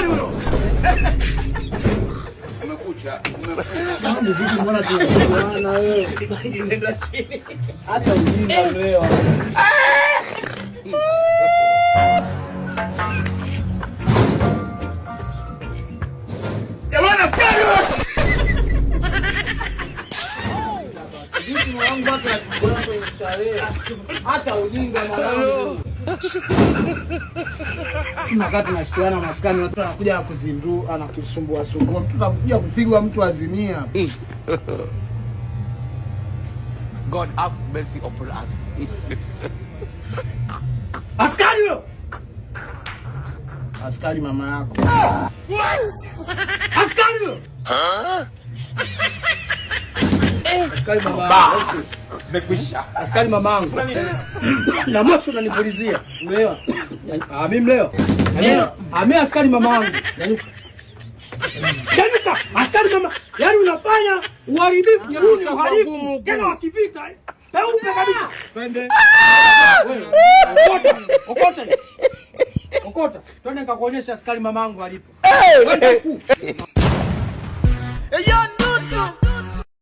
nani huyo? Umekucha, umekucha. Hata ujinga mwanangu. Nakaa tunashikiana maskani, watu anakuja kuzindua, anakusumbua sumbua, mtu anakuja kupigwa, mtu azimia. God have mercy upon us. Askari huyo. Askari mama yako. Askari huyo. Askari mama yako. Nimekwisha. Askari mamangu. Na moto unanipulizia. Umeelewa? Ah, mimi leo. Ah, mimi askari mamangu. Yaani askari mama, yaani unafanya uharibifu, yaani uharibifu tena wa kivita. Eh. Peupe kabisa. Twende. Okota, okota. Okota. Twende nikakuonyesha askari mamangu alipo. Twende huku.